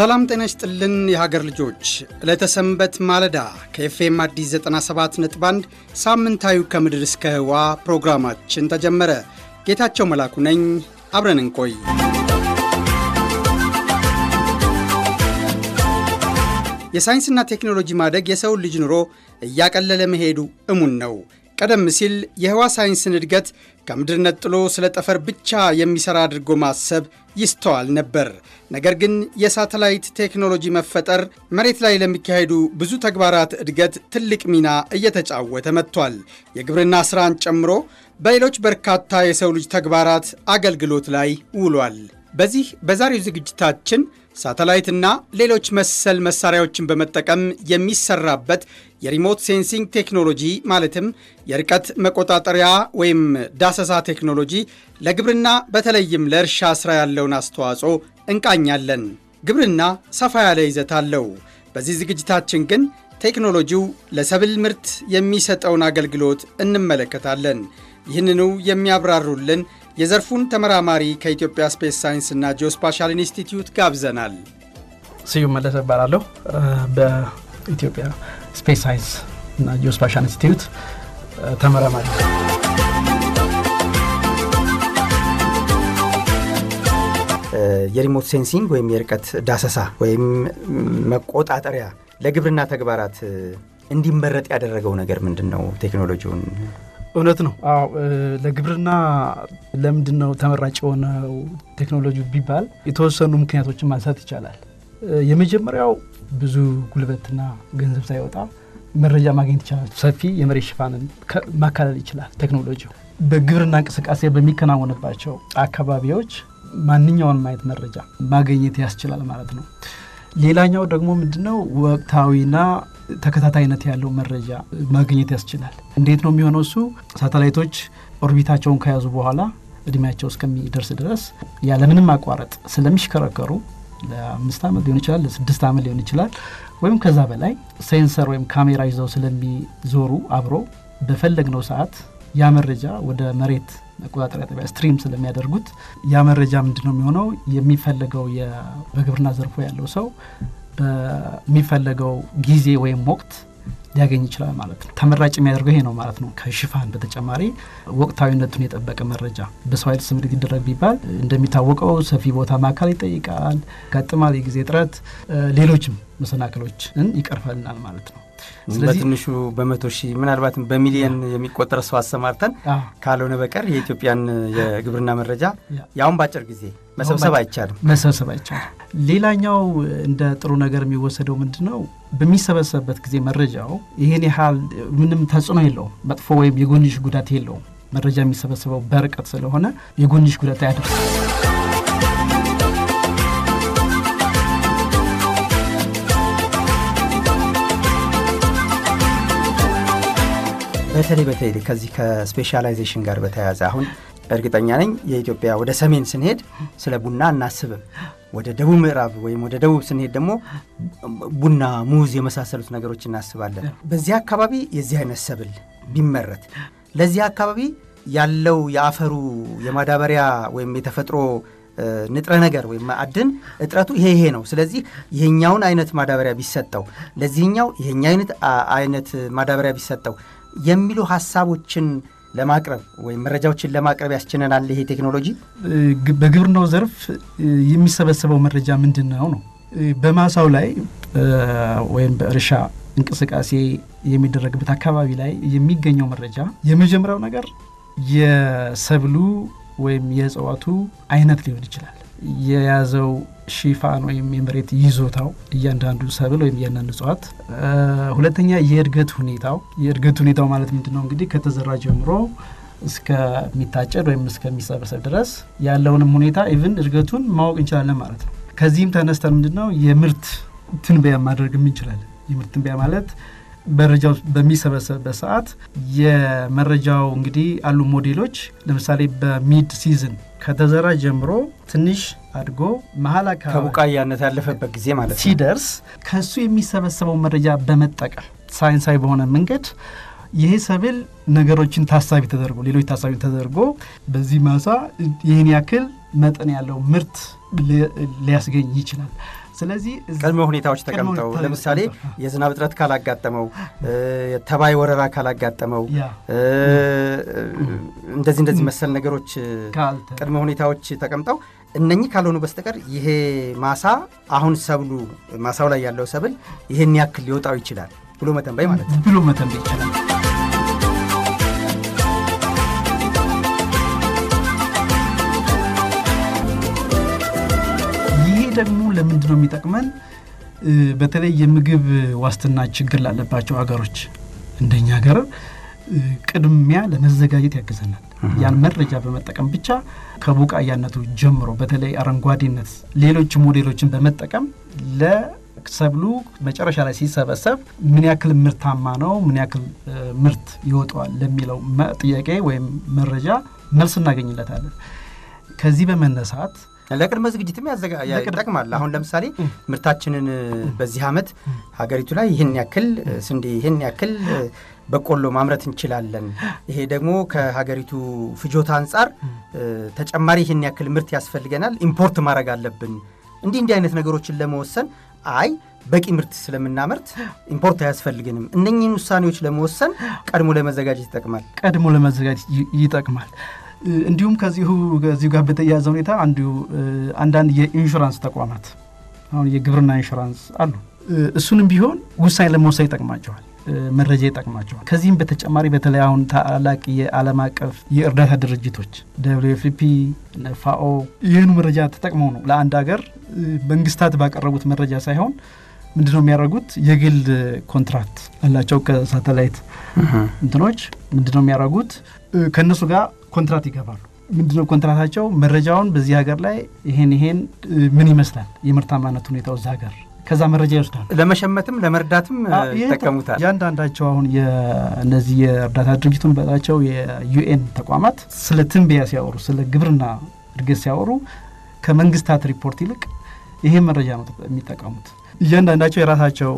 ሰላም ጤና ይስጥልን የሀገር ልጆች፣ ዕለተ ሰንበት ማለዳ ከኤፍኤም አዲስ 1 ሳምንታዊ ከምድር እስከ ህዋ ፕሮግራማችን ተጀመረ። ጌታቸው መላኩ ነኝ። አብረን እንቆይ። የሳይንስና ቴክኖሎጂ ማደግ የሰውን ልጅ ኑሮ እያቀለለ መሄዱ እሙን ነው። ቀደም ሲል የህዋ ሳይንስን እድገት ከምድር ነጥሎ ስለ ጠፈር ብቻ የሚሠራ አድርጎ ማሰብ ይስተዋል ነበር። ነገር ግን የሳተላይት ቴክኖሎጂ መፈጠር መሬት ላይ ለሚካሄዱ ብዙ ተግባራት እድገት ትልቅ ሚና እየተጫወተ መጥቷል። የግብርና ስራን ጨምሮ በሌሎች በርካታ የሰው ልጅ ተግባራት አገልግሎት ላይ ውሏል። በዚህ በዛሬው ዝግጅታችን ሳተላይትና ሌሎች መሰል መሳሪያዎችን በመጠቀም የሚሰራበት የሪሞት ሴንሲንግ ቴክኖሎጂ ማለትም የርቀት መቆጣጠሪያ ወይም ዳሰሳ ቴክኖሎጂ ለግብርና በተለይም ለእርሻ ስራ ያለውን አስተዋጽኦ እንቃኛለን። ግብርና ሰፋ ያለ ይዘት አለው። በዚህ ዝግጅታችን ግን ቴክኖሎጂው ለሰብል ምርት የሚሰጠውን አገልግሎት እንመለከታለን። ይህንኑ የሚያብራሩልን የዘርፉን ተመራማሪ ከኢትዮጵያ ስፔስ ሳይንስና ጂኦስፓሻል ኢንስቲትዩት ጋብዘናል። ስዩም መለሰ እባላለሁ። በኢትዮጵያ ስፔስ ሳይንስ እና ጂኦስፓሻል ኢንስቲትዩት ተመራማሪ የሪሞት ሴንሲንግ ወይም የርቀት ዳሰሳ ወይም መቆጣጠሪያ ለግብርና ተግባራት እንዲመረጥ ያደረገው ነገር ምንድን ነው? ቴክኖሎጂውን እውነት ነው። አዎ ለግብርና ለምንድን ነው ተመራጭ የሆነው ቴክኖሎጂ ቢባል የተወሰኑ ምክንያቶችን ማንሳት ይቻላል። የመጀመሪያው ብዙ ጉልበትና ገንዘብ ሳይወጣ መረጃ ማግኘት ይቻላል። ሰፊ የመሬት ሽፋንን ማካለል ይችላል ቴክኖሎጂ በግብርና እንቅስቃሴ በሚከናወንባቸው አካባቢዎች ማንኛውንም አይነት መረጃ ማግኘት ያስችላል ማለት ነው። ሌላኛው ደግሞ ምንድነው ወቅታዊና ተከታታይነት ያለው መረጃ ማግኘት ያስችላል። እንዴት ነው የሚሆነው? እሱ ሳተላይቶች ኦርቢታቸውን ከያዙ በኋላ እድሜያቸው እስከሚደርስ ድረስ ያለምንም ማቋረጥ ስለሚሽከረከሩ ለአምስት ዓመት ሊሆን ይችላል፣ ለስድስት ዓመት ሊሆን ይችላል፣ ወይም ከዛ በላይ ሴንሰር ወይም ካሜራ ይዘው ስለሚዞሩ አብሮ በፈለግነው ሰዓት ያ መረጃ ወደ መሬት መቆጣጠሪያ ጠቢያ ስትሪም ስለሚያደርጉት ያ መረጃ ምንድ ነው የሚሆነው? የሚፈለገው በግብርና ዘርፎ ያለው ሰው በሚፈለገው ጊዜ ወይም ወቅት ሊያገኝ ይችላል ማለት ነው። ተመራጭ የሚያደርገው ይሄ ነው ማለት ነው። ከሽፋን በተጨማሪ ወቅታዊነቱን የጠበቀ መረጃ በሰው ኃይል ስምሪት ይደረግ ቢባል እንደሚታወቀው ሰፊ ቦታ ማካል ይጠይቃል፣ ያጋጥማል፣ የጊዜ ጥረት ሌሎችም መሰናክሎችን ይቀርፈልናል ማለት ነው። በትንሹ በመቶ ሺህ ምናልባትም በሚሊየን የሚቆጠር ሰው አሰማርተን ካልሆነ በቀር የኢትዮጵያን የግብርና መረጃ ያሁን በአጭር ጊዜ መሰብሰብ አይቻልም መሰብሰብ አይቻልም። ሌላኛው እንደ ጥሩ ነገር የሚወሰደው ምንድን ነው? በሚሰበሰብበት ጊዜ መረጃው ይህን ያህል ምንም ተጽዕኖ የለውም፣ መጥፎ ወይም የጎንሽ ጉዳት የለውም። መረጃ የሚሰበሰበው በርቀት ስለሆነ የጎንሽ ጉዳት አያደርሳል። በተለይ በተለይ ከዚህ ከስፔሻላይዜሽን ጋር በተያያዘ አሁን እርግጠኛ ነኝ የኢትዮጵያ ወደ ሰሜን ስንሄድ ስለ ቡና እናስብም። ወደ ደቡብ ምዕራብ ወይም ወደ ደቡብ ስንሄድ ደግሞ ቡና፣ ሙዝ የመሳሰሉት ነገሮች እናስባለን። በዚህ አካባቢ የዚህ አይነት ሰብል ቢመረት ለዚህ አካባቢ ያለው የአፈሩ የማዳበሪያ ወይም የተፈጥሮ ንጥረ ነገር ወይም አድን እጥረቱ ይሄ ይሄ ነው። ስለዚህ ይሄኛውን አይነት ማዳበሪያ ቢሰጠው ለዚህኛው ይሄኛ አይነት ማዳበሪያ ቢሰጠው የሚሉ ሀሳቦችን ለማቅረብ ወይም መረጃዎችን ለማቅረብ ያስችለናል። ይሄ ቴክኖሎጂ በግብርናው ዘርፍ የሚሰበሰበው መረጃ ምንድን ነው ነው በማሳው ላይ ወይም በእርሻ እንቅስቃሴ የሚደረግበት አካባቢ ላይ የሚገኘው መረጃ የመጀመሪያው ነገር የሰብሉ ወይም የእጽዋቱ አይነት ሊሆን ይችላል። የያዘው ሽፋን ወይም የመሬት ይዞታው እያንዳንዱ ሰብል ወይም እያንዳንዱ እጽዋት፣ ሁለተኛ የእድገት ሁኔታው። የእድገት ሁኔታው ማለት ምንድን ነው? እንግዲህ ከተዘራ ጀምሮ እስከሚታጨድ ወይም እስከሚሰበሰብ ድረስ ያለውንም ሁኔታ ኢቭን እድገቱን ማወቅ እንችላለን ማለት ነው። ከዚህም ተነስተን ምንድን ነው የምርት ትንበያ ማድረግ እንችላለን። የምርት ትንበያ ማለት መረጃው በሚሰበሰብበት ሰዓት የመረጃው እንግዲህ አሉ ሞዴሎች ለምሳሌ በሚድ ሲዝን ከተዘራ ጀምሮ ትንሽ አድጎ መሀል አካባቢ ከቡቃያነት ያለፈበት ጊዜ ማለት ነው ሲደርስ ከእሱ የሚሰበሰበው መረጃ በመጠቀም ሳይንሳዊ በሆነ መንገድ ይሄ ሰብል ነገሮችን ታሳቢ ተደርጎ ሌሎች ታሳቢ ተደርጎ በዚህ ማሳ ይህን ያክል መጠን ያለው ምርት ሊያስገኝ ይችላል። ስለዚህ ቅድመ ሁኔታዎች ተቀምጠው ለምሳሌ የዝናብ እጥረት ካላጋጠመው፣ ተባይ ወረራ ካላጋጠመው፣ እንደዚህ እንደዚህ መሰል ነገሮች ቅድመ ሁኔታዎች ተቀምጠው እነኚህ ካልሆኑ በስተቀር ይሄ ማሳ አሁን ሰብሉ ማሳው ላይ ያለው ሰብል ይሄን ያክል ሊወጣው ይችላል ብሎ መተንበይ ማለት ነው ብሎ መተንበይ ይችላል ደግሞ ለምንድን ነው የሚጠቅመን? በተለይ የምግብ ዋስትና ችግር ላለባቸው ሀገሮች እንደኛ ሀገር ቅድሚያ ለመዘጋጀት ያግዘናል። ያን መረጃ በመጠቀም ብቻ ከቡቃያነቱ ጀምሮ በተለይ አረንጓዴነት፣ ሌሎች ሞዴሎችን በመጠቀም ለሰብሉ መጨረሻ ላይ ሲሰበሰብ ምን ያክል ምርታማ ነው፣ ምን ያክል ምርት ይወጣዋል ለሚለው ጥያቄ ወይም መረጃ መልስ እናገኝለታለን። ከዚህ በመነሳት ለቅድመ ዝግጅትም ይጠቅማል። አሁን ለምሳሌ ምርታችንን በዚህ ዓመት ሀገሪቱ ላይ ይህን ያክል ስንዴ፣ ይህን ያክል በቆሎ ማምረት እንችላለን። ይሄ ደግሞ ከሀገሪቱ ፍጆታ አንጻር ተጨማሪ ይህን ያክል ምርት ያስፈልገናል፣ ኢምፖርት ማድረግ አለብን። እንዲህ እንዲህ አይነት ነገሮችን ለመወሰን አይ በቂ ምርት ስለምናመርት ኢምፖርት አያስፈልግንም። እነኝህን ውሳኔዎች ለመወሰን ቀድሞ ለመዘጋጀት ይጠቅማል። ቀድሞ ለመዘጋጀት ይጠቅማል። እንዲሁም ከዚሁ ከዚሁ ጋር በተያያዘ ሁኔታ አንዱ አንዳንድ የኢንሹራንስ ተቋማት አሁን የግብርና ኢንሹራንስ አሉ። እሱንም ቢሆን ውሳኔ ለመውሰድ ይጠቅማቸዋል፣ መረጃ ይጠቅማቸዋል። ከዚህም በተጨማሪ በተለይ አሁን ታላላቅ የዓለም አቀፍ የእርዳታ ድርጅቶች ደብሊው ኤፍ ፋኦ ይህኑ መረጃ ተጠቅመው ነው ለአንድ ሀገር መንግስታት ባቀረቡት መረጃ ሳይሆን ምንድነው የሚያደረጉት የግል ኮንትራክት ያላቸው ከሳተላይት እንትኖች ነው የሚያደርጉት? ከእነሱ ጋር ኮንትራት ይገባሉ። ምንድነው ኮንትራታቸው? መረጃውን በዚህ ሀገር ላይ ይሄን ይሄን ምን ይመስላል የምርታማነት ሁኔታው እዛ ሀገር ከዛ መረጃ ይወስዳል። ለመሸመትም ለመርዳትም ይጠቀሙታል። እያንዳንዳቸው አሁን እነዚህ የእርዳታ ድርጅቱ በጣቸው የዩኤን ተቋማት ስለ ትንበያ ሲያወሩ፣ ስለ ግብርና እድገት ሲያወሩ ከመንግስታት ሪፖርት ይልቅ ይሄ መረጃ ነው የሚጠቀሙት። እያንዳንዳቸው የራሳቸው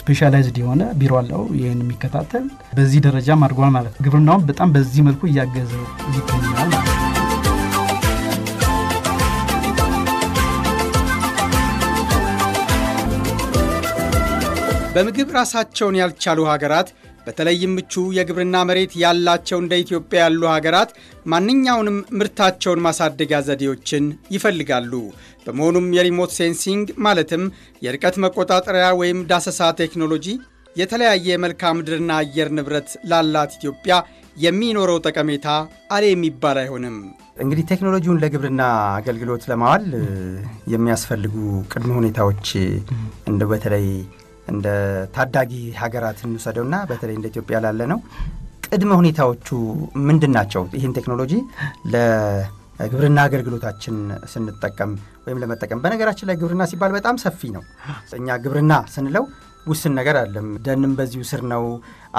ስፔሻላይዝድ የሆነ ቢሮ አለው ይህን የሚከታተል በዚህ ደረጃም አድርጓል ማለት ነው። ግብርናውን በጣም በዚህ መልኩ እያገዘ ይገኛል ማለት ነው። በምግብ ራሳቸውን ያልቻሉ ሀገራት በተለይም ምቹ የግብርና መሬት ያላቸው እንደ ኢትዮጵያ ያሉ ሀገራት ማንኛውንም ምርታቸውን ማሳደጊያ ዘዴዎችን ይፈልጋሉ። በመሆኑም የሪሞት ሴንሲንግ ማለትም የርቀት መቆጣጠሪያ ወይም ዳሰሳ ቴክኖሎጂ የተለያየ መልክዓ ምድርና አየር ንብረት ላላት ኢትዮጵያ የሚኖረው ጠቀሜታ አሌ የሚባል አይሆንም። እንግዲህ ቴክኖሎጂውን ለግብርና አገልግሎት ለማዋል የሚያስፈልጉ ቅድመ ሁኔታዎች እንደ በተለይ እንደ ታዳጊ ሀገራት እንውሰደውና በተለይ እንደ ኢትዮጵያ ላለ ነው ቅድመ ሁኔታዎቹ ምንድን ናቸው? ይህን ቴክኖሎጂ ለግብርና አገልግሎታችን ስንጠቀም ወይም ለመጠቀም በነገራችን ላይ ግብርና ሲባል በጣም ሰፊ ነው። እኛ ግብርና ስንለው ውስን ነገር አለም። ደንም በዚሁ ስር ነው፣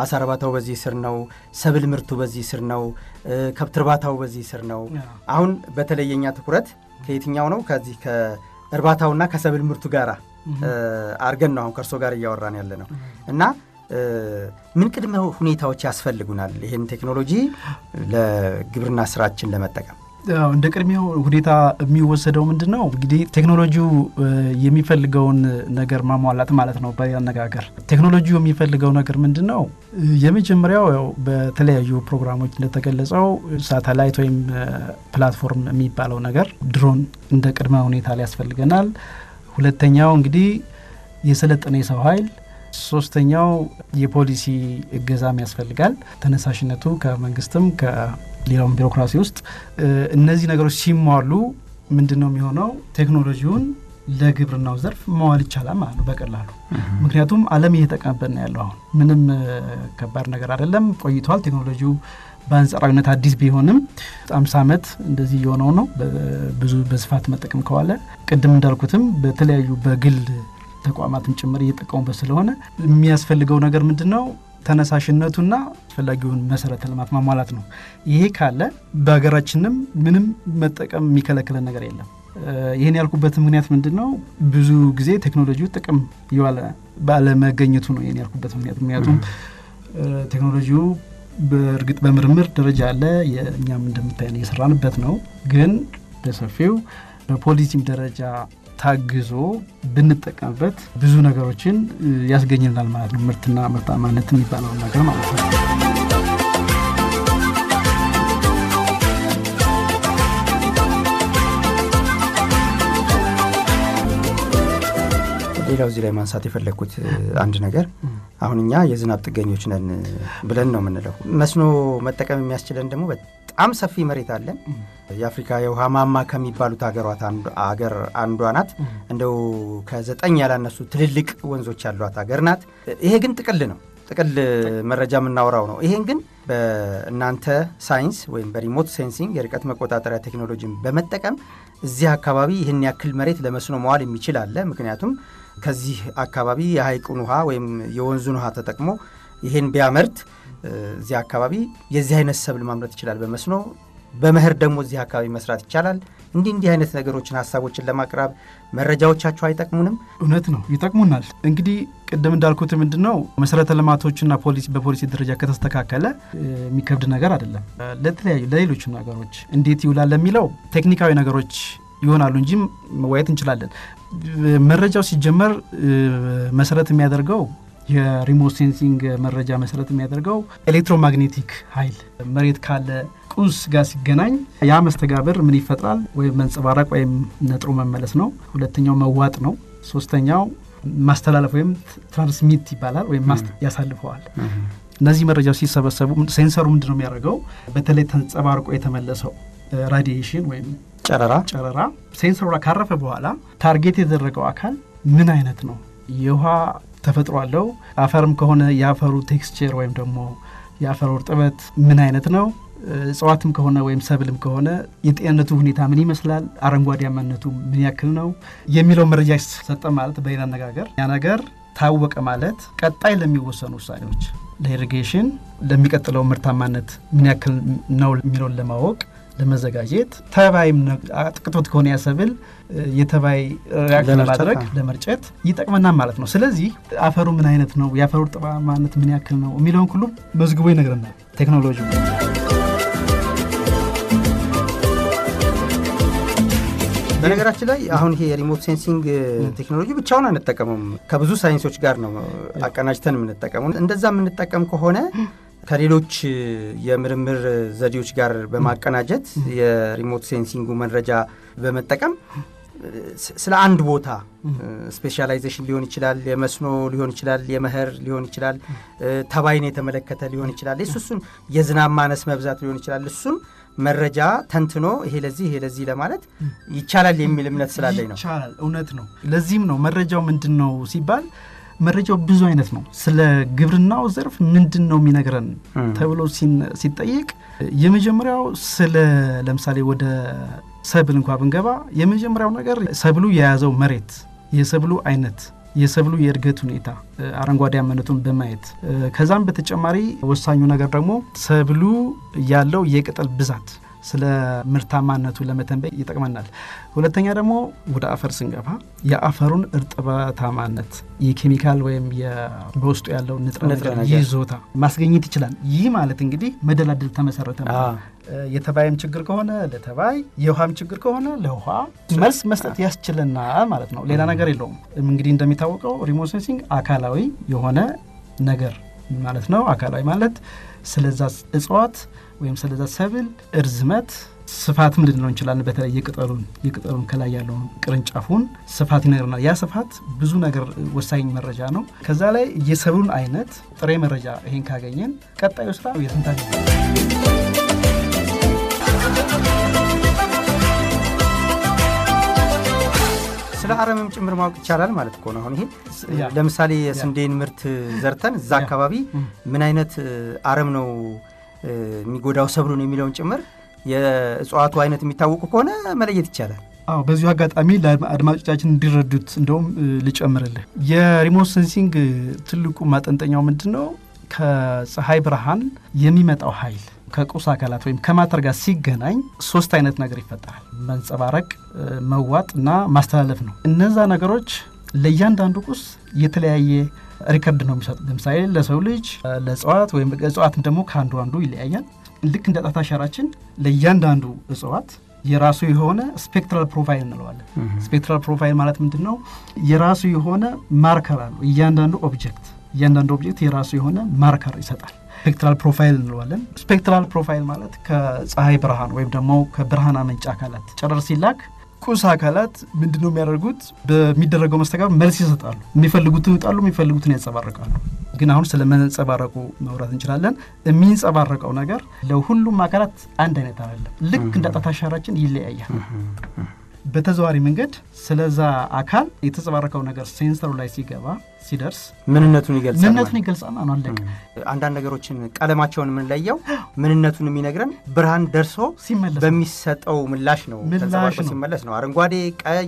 አሳ እርባታው በዚህ ስር ነው፣ ሰብል ምርቱ በዚህ ስር ነው፣ ከብት እርባታው በዚህ ስር ነው። አሁን በተለየኛ ትኩረት ከየትኛው ነው? ከዚህ ከእርባታውና ከሰብል ምርቱ ጋር አርገን ነው አሁን ከእርሶ ጋር እያወራን ያለ ነው እና ምን ቅድመ ሁኔታዎች ያስፈልጉናል ይህን ቴክኖሎጂ ለግብርና ስራችን ለመጠቀም? እንደ ቅድመ ሁኔታ የሚወሰደው ምንድን ነው እንግዲህ ቴክኖሎጂው የሚፈልገውን ነገር ማሟላት ማለት ነው። በአነጋገር ቴክኖሎጂው የሚፈልገው ነገር ምንድን ነው? የመጀመሪያው ያው በተለያዩ ፕሮግራሞች እንደተገለጸው ሳተላይት ወይም ፕላትፎርም የሚባለው ነገር ድሮን እንደ ቅድመ ሁኔታ ሊያስፈልገናል። ሁለተኛው እንግዲህ የሰለጠነ የሰው ኃይል፣ ሶስተኛው የፖሊሲ እገዛም ያስፈልጋል። ተነሳሽነቱ ከመንግስትም ከሌላውም ቢሮክራሲ ውስጥ እነዚህ ነገሮች ሲሟሉ ምንድን ነው የሚሆነው? ቴክኖሎጂውን ለግብርናው ዘርፍ መዋል ይቻላል ማለት ነው በቀላሉ። ምክንያቱም ዓለም እየተጠቀመበት ነው ያለው አሁን። ምንም ከባድ ነገር አይደለም። ቆይቷል ቴክኖሎጂው በአንጻራዊነት አዲስ ቢሆንም አምሳ ዓመት እንደዚህ የሆነው ነው። ብዙ በስፋት መጠቀም ከዋለ ቅድም እንዳልኩትም በተለያዩ በግል ተቋማትም ጭምር እየጠቀሙበት ስለሆነ የሚያስፈልገው ነገር ምንድን ነው? ተነሳሽነቱና አስፈላጊውን መሰረተ ልማት ማሟላት ነው። ይሄ ካለ በሀገራችንም ምንም መጠቀም የሚከለክለን ነገር የለም። ይህን ያልኩበት ምክንያት ምንድን ነው? ብዙ ጊዜ ቴክኖሎጂው ጥቅም የዋለ ባለመገኘቱ ነው። ይህን ያልኩበት ምክንያት ምክንያቱም ቴክኖሎጂው በእርግጥ በምርምር ደረጃ አለ። እኛም እንደምታይ እየሰራንበት ነው። ግን በሰፊው በፖሊሲም ደረጃ ታግዞ ብንጠቀምበት ብዙ ነገሮችን ያስገኝልናል ማለት ነው። ምርትና ምርታማነት የሚባለውን ነገር ማለት ነው። ሌላው እዚህ ላይ ማንሳት የፈለግኩት አንድ ነገር አሁን እኛ የዝናብ ጥገኞች ነን ብለን ነው የምንለው። መስኖ መጠቀም የሚያስችለን ደግሞ በጣም ሰፊ መሬት አለን። የአፍሪካ የውሃ ማማ ከሚባሉት ሀገሯት አገር አንዷ ናት። እንደው ከዘጠኝ ያላነሱ ትልልቅ ወንዞች ያሏት ሀገር ናት። ይሄ ግን ጥቅል ነው፣ ጥቅል መረጃ የምናወራው ነው። ይሄን ግን በእናንተ ሳይንስ ወይም በሪሞት ሴንሲንግ የርቀት መቆጣጠሪያ ቴክኖሎጂን በመጠቀም እዚህ አካባቢ ይህን ያክል መሬት ለመስኖ መዋል የሚችል አለ ምክንያቱም ከዚህ አካባቢ የሀይቁን ውሃ ወይም የወንዙን ውሃ ተጠቅሞ ይሄን ቢያመርት እዚህ አካባቢ የዚህ አይነት ሰብል ማምረት ይችላል። በመስኖ በመህር ደግሞ እዚህ አካባቢ መስራት ይቻላል። እንዲህ እንዲህ አይነት ነገሮችን ሀሳቦችን ለማቅረብ መረጃዎቻቸው አይጠቅሙንም? እውነት ነው፣ ይጠቅሙናል። እንግዲህ ቅድም እንዳልኩት ምንድን ነው መሰረተ ልማቶችና ፖሊሲ በፖሊሲ ደረጃ ከተስተካከለ የሚከብድ ነገር አይደለም። ለተለያዩ ለሌሎች ነገሮች እንዴት ይውላል ለሚለው ቴክኒካዊ ነገሮች ይሆናሉ እንጂ መወያየት እንችላለን። መረጃው ሲጀመር መሰረት የሚያደርገው የሪሞት ሴንሲንግ መረጃ መሰረት የሚያደርገው ኤሌክትሮማግኔቲክ ኃይል መሬት ካለ ቁስ ጋር ሲገናኝ ያ መስተጋብር ምን ይፈጥራል? ወይም መንጸባረቅ ወይም ነጥሮ መመለስ ነው። ሁለተኛው መዋጥ ነው። ሶስተኛው ማስተላለፍ ወይም ትራንስሚት ይባላል፣ ወይም ያሳልፈዋል። እነዚህ መረጃዎች ሲሰበሰቡ ሴንሰሩ ምንድን ነው የሚያደርገው? በተለይ ተንጸባርቆ የተመለሰው ራዲዬሽን ወይም ጨረራ ጨረራ ሴንሰሯ ካረፈ በኋላ ታርጌት የተደረገው አካል ምን አይነት ነው? የውሃ ተፈጥሮ አለው? አፈርም ከሆነ የአፈሩ ቴክስቸር ወይም ደግሞ የአፈሩ እርጥበት ምን አይነት ነው? እጽዋትም ከሆነ ወይም ሰብልም ከሆነ የጤንነቱ ሁኔታ ምን ይመስላል? አረንጓዴያማነቱ ምን ያክል ነው? የሚለው መረጃ ሰጠ ማለት በሌላ አነጋገር ያ ነገር ታወቀ ማለት ቀጣይ ለሚወሰኑ ውሳኔዎች ለኢሪጌሽን ለሚቀጥለው ምርታማነት ምን ያክል ነው የሚለውን ለማወቅ ለመዘጋጀት ተባይም አጥቅቶት ከሆነ ያሰብል የተባይ ሪያክት ለማድረግ ለመርጨት ይጠቅመናል ማለት ነው። ስለዚህ አፈሩ ምን አይነት ነው፣ የአፈሩ እርጥበታማነት ምን ያክል ነው የሚለውን ሁሉ መዝግቦ ይነግረናል ቴክኖሎጂ። በነገራችን ላይ አሁን ይሄ የሪሞት ሴንሲንግ ቴክኖሎጂ ብቻውን አንጠቀመውም። ከብዙ ሳይንሶች ጋር ነው አቀናጅተን የምንጠቀመው። እንደዛ የምንጠቀም ከሆነ ከሌሎች የምርምር ዘዴዎች ጋር በማቀናጀት የሪሞት ሴንሲንጉ መረጃ በመጠቀም ስለ አንድ ቦታ ስፔሻላይዜሽን ሊሆን ይችላል፣ የመስኖ ሊሆን ይችላል፣ የመኸር ሊሆን ይችላል፣ ተባይን የተመለከተ ሊሆን ይችላል፣ እሱ እሱን የዝናብ ማነስ መብዛት ሊሆን ይችላል። እሱን መረጃ ተንትኖ ይሄ ለዚህ ይሄ ለዚህ ለማለት ይቻላል የሚል እምነት ስላለኝ ነው። ይቻላል፣ እውነት ነው። ለዚህም ነው መረጃው ምንድን ነው ሲባል መረጃው ብዙ አይነት ነው። ስለ ግብርናው ዘርፍ ምንድን ነው የሚነግረን ተብሎ ሲጠይቅ የመጀመሪያው ስለ ለምሳሌ ወደ ሰብል እንኳ ብንገባ የመጀመሪያው ነገር ሰብሉ የያዘው መሬት፣ የሰብሉ አይነት፣ የሰብሉ የእድገት ሁኔታ አረንጓዴ አመነቱን በማየት ከዛም በተጨማሪ ወሳኙ ነገር ደግሞ ሰብሉ ያለው የቅጠል ብዛት ስለ ምርታማነቱ ለመተንበይ ይጠቅመናል። ሁለተኛ ደግሞ ወደ አፈር ስንገባ የአፈሩን እርጥበታማነት የኬሚካል ወይም በውስጡ ያለው ንጥረ ነገር ይዞታ ማስገኘት ይችላል። ይህ ማለት እንግዲህ መደላደል ተመሰረተ ነው። የተባይም ችግር ከሆነ ለተባይ፣ የውሃም ችግር ከሆነ ለውሃ መልስ መስጠት ያስችለናል ማለት ነው። ሌላ ነገር የለውም። እንግዲህ እንደሚታወቀው ሪሞት ሴንሲንግ አካላዊ የሆነ ነገር ማለት ነው። አካላዊ ማለት ስለዛ እጽዋት ወይም ስለዛ ሰብል እርዝመት ስፋትም ልንለው እንችላለን። በተለይ የቅጠሉን የቅጠሉን ከላይ ያለውን ቅርንጫፉን ስፋት ይነግርናል ያ ስፋት ብዙ ነገር ወሳኝ መረጃ ነው። ከዛ ላይ የሰብሉን አይነት ጥሬ መረጃ ይሄን ካገኘን ቀጣዩ ስራ የትንታ ስለ አረምም ጭምር ማወቅ ይቻላል ማለት ነው። አሁን ይሄ ለምሳሌ የስንዴን ምርት ዘርተን እዛ አካባቢ ምን አይነት አረም ነው የሚጎዳው ሰብሉን የሚለውን ጭምር የእጽዋቱ አይነት የሚታወቁ ከሆነ መለየት ይቻላል። አዎ በዚሁ አጋጣሚ ለአድማጮቻችን እንዲረዱት እንደውም ልጨምርልህ፣ የሪሞት ሴንሲንግ ትልቁ ማጠንጠኛው ምንድን ነው? ከፀሐይ ብርሃን የሚመጣው ኃይል ከቁስ አካላት ወይም ከማተር ጋር ሲገናኝ ሶስት አይነት ነገር ይፈጠራል። መንጸባረቅ፣ መዋጥ እና ማስተላለፍ ነው። እነዛ ነገሮች ለእያንዳንዱ ቁስ የተለያየ ሪከርድ ነው የሚሰጡ። ለምሳሌ ለሰው ልጅ፣ ለእጽዋት ወይም እጽዋትን ደግሞ ከአንዱ አንዱ ይለያያል። ልክ እንደ ጣት አሻራችን ለእያንዳንዱ እጽዋት የራሱ የሆነ ስፔክትራል ፕሮፋይል እንለዋለን። ስፔክትራል ፕሮፋይል ማለት ምንድን ነው? የራሱ የሆነ ማርከር አለው እያንዳንዱ ኦብጀክት እያንዳንዱ ኦብጀክት የራሱ የሆነ ማርከር ይሰጣል። ስፔክትራል ፕሮፋይል እንለዋለን። ስፔክትራል ፕሮፋይል ማለት ከፀሐይ ብርሃን ወይም ደግሞ ከብርሃን አመንጭ አካላት ጨረር ሲላክ ቁስ አካላት ምንድነው የሚያደርጉት? በሚደረገው መስተጋብር መልስ ይሰጣሉ። የሚፈልጉትን ይውጣሉ፣ የሚፈልጉትን ያንጸባርቃሉ። ግን አሁን ስለ መንጸባረቁ መውራት እንችላለን። የሚንጸባረቀው ነገር ለሁሉም አካላት አንድ አይነት አይደለም። ልክ እንደ ጣት አሻራችን ይለያያል። በተዘዋሪ መንገድ ስለዛ አካል የተጸባረቀው ነገር ሴንሰሩ ላይ ሲገባ ሲደርስ ምንነቱን ይገልጻል። ምንነቱን ይገልጻል ነው አለቅ አንዳንድ ነገሮችን ቀለማቸውን የምንለየው ምንነቱን የሚነግረን ብርሃን ደርሶ ሲመለስ በሚሰጠው ምላሽ ነው። ተንጸባርቆ ሲመለስ ነው። አረንጓዴ፣ ቀይ፣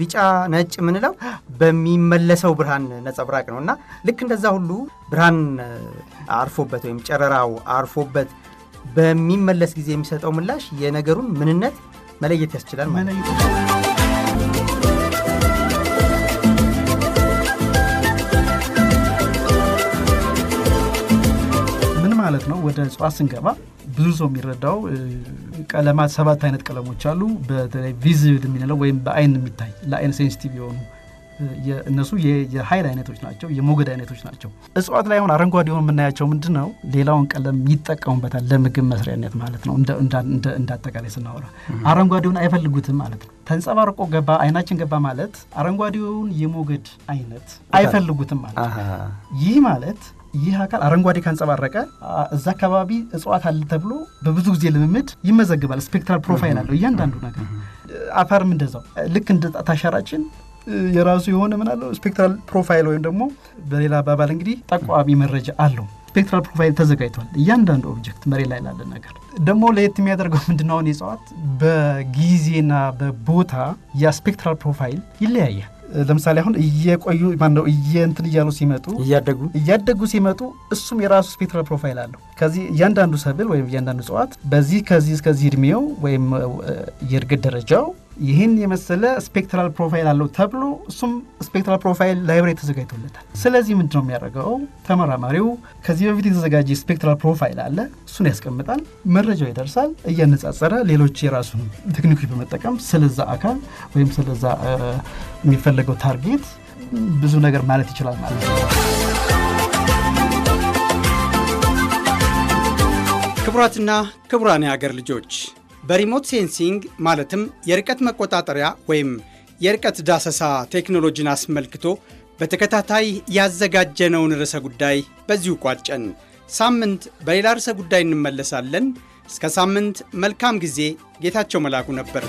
ቢጫ፣ ነጭ የምንለው በሚመለሰው ብርሃን ነጸብራቅ ነው እና ልክ እንደዛ ሁሉ ብርሃን አርፎበት ወይም ጨረራው አርፎበት በሚመለስ ጊዜ የሚሰጠው ምላሽ የነገሩን ምንነት መለየት ያስችላል ማለት ነው። ምን ማለት ነው? ወደ እጽዋት ስንገባ ብዙ ሰው የሚረዳው ቀለማት ሰባት አይነት ቀለሞች አሉ። በተለይ ቪዚብል የምንለው ወይም በአይን የሚታይ ለአይን ሴንስቲቭ የሆኑ እነሱ የሀይል አይነቶች ናቸው፣ የሞገድ አይነቶች ናቸው። እጽዋት ላይ አሁን አረንጓዴ ሆኖ የምናያቸው ምንድን ነው? ሌላውን ቀለም ይጠቀሙበታል ለምግብ መስሪያነት ማለት ነው። እንደ አጠቃላይ ስናወራ አረንጓዴውን አይፈልጉትም ማለት ነው። ተንጸባርቆ ገባ አይናችን ገባ ማለት አረንጓዴውን የሞገድ አይነት አይፈልጉትም ማለት ነው። ይህ ማለት ይህ አካል አረንጓዴ ካንጸባረቀ እዛ አካባቢ እጽዋት አለ ተብሎ በብዙ ጊዜ ልምምድ ይመዘግባል። ስፔክትራል ፕሮፋይል አለው እያንዳንዱ ነገር። አፈርም እንደዛው ልክ እንደ ጣታሻራችን የራሱ የሆነ ምን አለው ስፔክትራል ፕሮፋይል ወይም ደግሞ በሌላ አባባል እንግዲህ ጠቋሚ መረጃ አለው። ስፔክትራል ፕሮፋይል ተዘጋጅቷል። እያንዳንዱ ኦብጀክት መሬ ላይ ላለ ነገር ደግሞ ለየት የሚያደርገው ምንድናሆን አሁን በጊዜና በቦታ የስፔክትራል ስፔክትራል ፕሮፋይል ይለያያል። ለምሳሌ አሁን እየቆዩ ማነው እየእንትን እያሉ ሲመጡ እያደጉ እያደጉ ሲመጡ እሱም የራሱ ስፔክትራል ፕሮፋይል አለው። ከዚህ እያንዳንዱ ሰብል ወይም እያንዳንዱ እጽዋት በዚህ ከዚህ እስከዚህ እድሜው ወይም የእርግድ ደረጃው ይህን የመሰለ ስፔክትራል ፕሮፋይል አለው ተብሎ እሱም ስፔክትራል ፕሮፋይል ላይብሬ ተዘጋጅቶለታል። ስለዚህ ምንድን ነው የሚያደርገው? ተመራማሪው ከዚህ በፊት የተዘጋጀ ስፔክትራል ፕሮፋይል አለ፣ እሱን ያስቀምጣል፣ መረጃው ይደርሳል። እያነጻጸረ ሌሎች የራሱን ቴክኒኮች በመጠቀም ስለዛ አካል ወይም ስለዛ የሚፈለገው ታርጌት ብዙ ነገር ማለት ይችላል ማለት ነው። ክቡራትና ክቡራን የአገር ልጆች በሪሞት ሴንሲንግ ማለትም የርቀት መቆጣጠሪያ ወይም የርቀት ዳሰሳ ቴክኖሎጂን አስመልክቶ በተከታታይ ያዘጋጀነውን ርዕሰ ጉዳይ በዚሁ ቋጨን። ሳምንት በሌላ ርዕሰ ጉዳይ እንመለሳለን። እስከ ሳምንት መልካም ጊዜ። ጌታቸው መላኩ ነበር።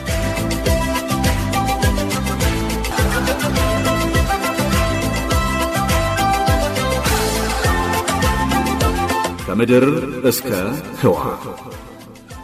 ከምድር እስከ ህዋ